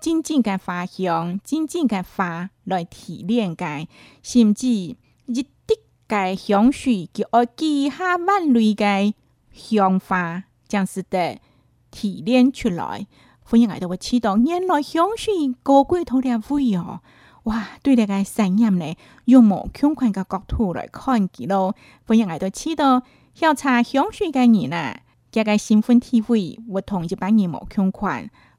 真正嘅花香，真正嘅花來提煉嘅，甚至一啲嘅香水，就愛幾下萬類嘅香花，將是得提煉出來。歡迎我都會知道原來香水高貴到叻味哦！哇，對呢個產業呢，用冇窮款嘅角度來看佢咯。歡迎我都會知道要查香水嘅人啊，佢個身份地位，我同一般人冇窮款。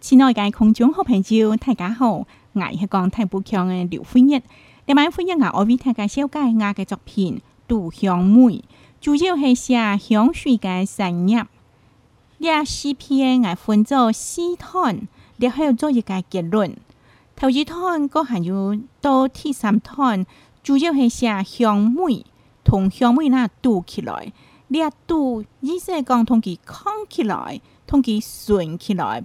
此耐嘅觀眾好朋友大家好，我係講大埔腔嘅劉惠月。呢班輝傑我我俾大家介紹我嘅作品《貯香味》，主要係寫香水嘅產業。呢個視頻我分做四段，然後做一個結論。頭一段佢係有到第三段，主要係寫香味同香味嗱度起來，呢度一些講通佢康起來，通佢順起來。